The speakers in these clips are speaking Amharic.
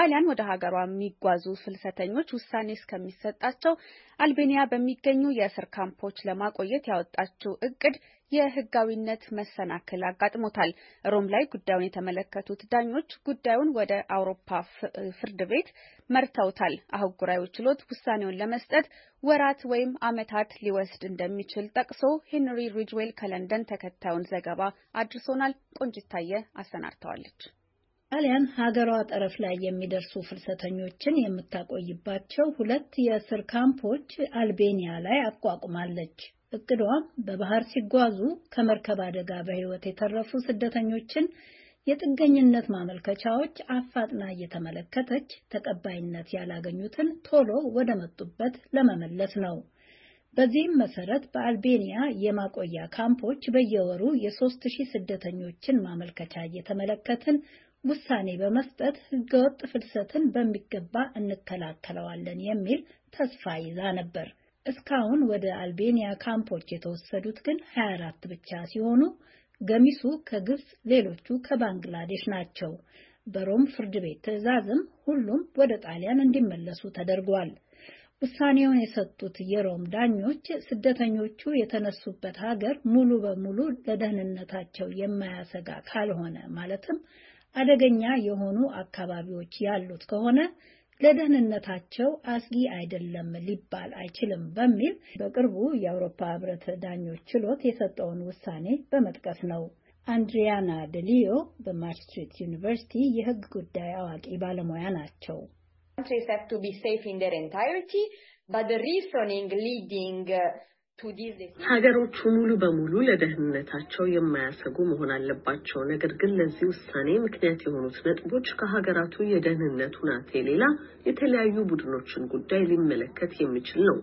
ጣሊያን ወደ ሀገሯ የሚጓዙ ፍልሰተኞች ውሳኔ እስከሚሰጣቸው አልቤኒያ በሚገኙ የእስር ካምፖች ለማቆየት ያወጣችው እቅድ የህጋዊነት መሰናክል አጋጥሞታል። ሮም ላይ ጉዳዩን የተመለከቱት ዳኞች ጉዳዩን ወደ አውሮፓ ፍርድ ቤት መርተውታል። አህጉራዊ ችሎት ውሳኔውን ለመስጠት ወራት ወይም ዓመታት ሊወስድ እንደሚችል ጠቅሶ ሄንሪ ሪጅዌል ከለንደን ተከታዩን ዘገባ አድርሶናል። ቆንጅታየ አሰናድተዋለች። ጣሊያን ሀገሯ ጠረፍ ላይ የሚደርሱ ፍልሰተኞችን የምታቆይባቸው ሁለት የእስር ካምፖች አልቤኒያ ላይ አቋቁማለች። እቅዷም በባህር ሲጓዙ ከመርከብ አደጋ በሕይወት የተረፉ ስደተኞችን የጥገኝነት ማመልከቻዎች አፋጥና እየተመለከተች ተቀባይነት ያላገኙትን ቶሎ ወደ መጡበት ለመመለስ ነው። በዚህም መሰረት በአልቤኒያ የማቆያ ካምፖች በየወሩ የሦስት ሺህ ስደተኞችን ማመልከቻ እየተመለከትን ውሳኔ በመስጠት ህገወጥ ፍልሰትን በሚገባ እንከላከለዋለን የሚል ተስፋ ይዛ ነበር። እስካሁን ወደ አልቤኒያ ካምፖች የተወሰዱት ግን 24 ብቻ ሲሆኑ ገሚሱ ከግብፅ፣ ሌሎቹ ከባንግላዴሽ ናቸው። በሮም ፍርድ ቤት ትዕዛዝም ሁሉም ወደ ጣሊያን እንዲመለሱ ተደርጓል። ውሳኔውን የሰጡት የሮም ዳኞች ስደተኞቹ የተነሱበት ሀገር ሙሉ በሙሉ ለደህንነታቸው የማያሰጋ ካልሆነ ማለትም አደገኛ የሆኑ አካባቢዎች ያሉት ከሆነ ለደህንነታቸው አስጊ አይደለም ሊባል አይችልም በሚል በቅርቡ የአውሮፓ ሕብረት ዳኞች ችሎት የሰጠውን ውሳኔ በመጥቀስ ነው። አንድሪያና ደሊዮ በማስትሪት ዩኒቨርሲቲ የሕግ ጉዳይ አዋቂ ባለሙያ ናቸው። countries have to be safe in their entirety, but the reasoning leading ሀገሮቹ ሙሉ በሙሉ ለደህንነታቸው የማያሰጉ መሆን አለባቸው። ነገር ግን ለዚህ ውሳኔ ምክንያት የሆኑት ነጥቦች ከሀገራቱ የደህንነት ሁናቴ ሌላ የተለያዩ ቡድኖችን ጉዳይ ሊመለከት የሚችል ነው።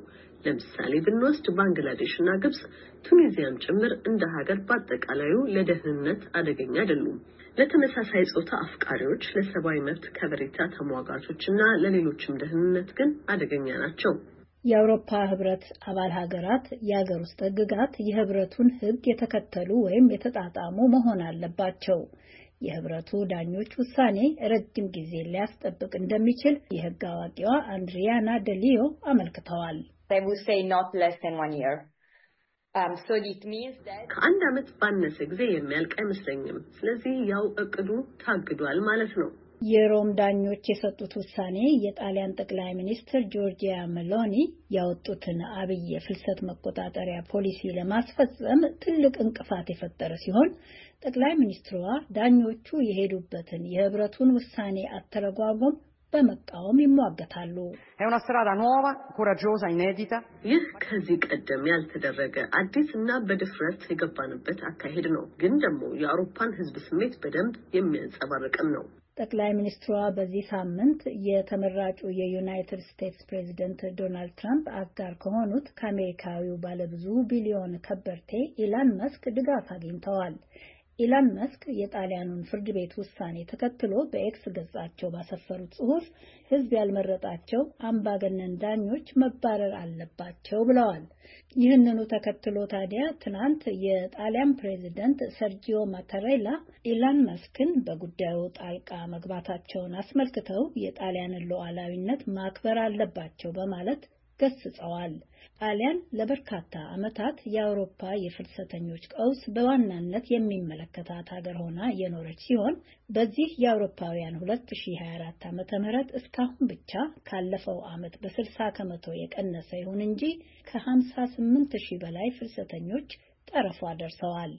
ለምሳሌ ብንወስድ ባንግላዴሽ እና ግብጽ፣ ቱኒዚያም ጭምር እንደ ሀገር በአጠቃላዩ ለደህንነት አደገኛ አይደሉም። ለተመሳሳይ ጾታ አፍቃሪዎች፣ ለሰብአዊ መብት ከበሬታ ተሟጋቾች እና ለሌሎችም ደህንነት ግን አደገኛ ናቸው። የአውሮፓ ህብረት አባል ሀገራት የሀገር ውስጥ ህግጋት የህብረቱን ህግ የተከተሉ ወይም የተጣጣሙ መሆን አለባቸው። የህብረቱ ዳኞች ውሳኔ ረጅም ጊዜ ሊያስጠብቅ እንደሚችል የህግ አዋቂዋ አንድሪያና ደሊዮ አመልክተዋል። um, ከአንድ ዓመት ባነሰ ጊዜ የሚያልቅ አይመስለኝም። ስለዚህ ያው እቅዱ ታግዷል ማለት ነው። የሮም ዳኞች የሰጡት ውሳኔ የጣሊያን ጠቅላይ ሚኒስትር ጆርጂያ መሎኒ ያወጡትን አብይ የፍልሰት መቆጣጠሪያ ፖሊሲ ለማስፈጸም ትልቅ እንቅፋት የፈጠረ ሲሆን ጠቅላይ ሚኒስትሯ ዳኞቹ የሄዱበትን የህብረቱን ውሳኔ አተረጓጎም በመቃወም ይሟገታሉ። ይህ ከዚህ ቀደም ያልተደረገ አዲስ እና በድፍረት የገባንበት አካሄድ ነው፣ ግን ደግሞ የአውሮፓን ህዝብ ስሜት በደንብ የሚያንጸባርቅም ነው። ጠቅላይ ሚኒስትሯ በዚህ ሳምንት የተመራጩ የዩናይትድ ስቴትስ ፕሬዚደንት ዶናልድ ትራምፕ አጋር ከሆኑት ከአሜሪካዊው ባለብዙ ቢሊዮን ከበርቴ ኢላን መስክ ድጋፍ አግኝተዋል። ኢላን መስክ የጣሊያኑን ፍርድ ቤት ውሳኔ ተከትሎ በኤክስ ገጻቸው ባሰፈሩት ጽሑፍ ሕዝብ ያልመረጣቸው አምባገነን ዳኞች መባረር አለባቸው ብለዋል። ይህንኑ ተከትሎ ታዲያ ትናንት የጣሊያን ፕሬዚደንት ሰርጂዮ ማታሬላ ኢላን መስክን በጉዳዩ ጣልቃ መግባታቸውን አስመልክተው የጣሊያንን ሉዓላዊነት ማክበር አለባቸው በማለት ገስጸዋል። ጣሊያን ለበርካታ ዓመታት የአውሮፓ የፍልሰተኞች ቀውስ በዋናነት የሚመለከታት ሀገር ሆና የኖረች ሲሆን በዚህ የአውሮፓውያን 2024 ም እስካሁን ብቻ ካለፈው ዓመት በ60 ከመቶ የቀነሰ ይሁን እንጂ ከ58 ሺህ በላይ ፍልሰተኞች ጠረፏ ደርሰዋል።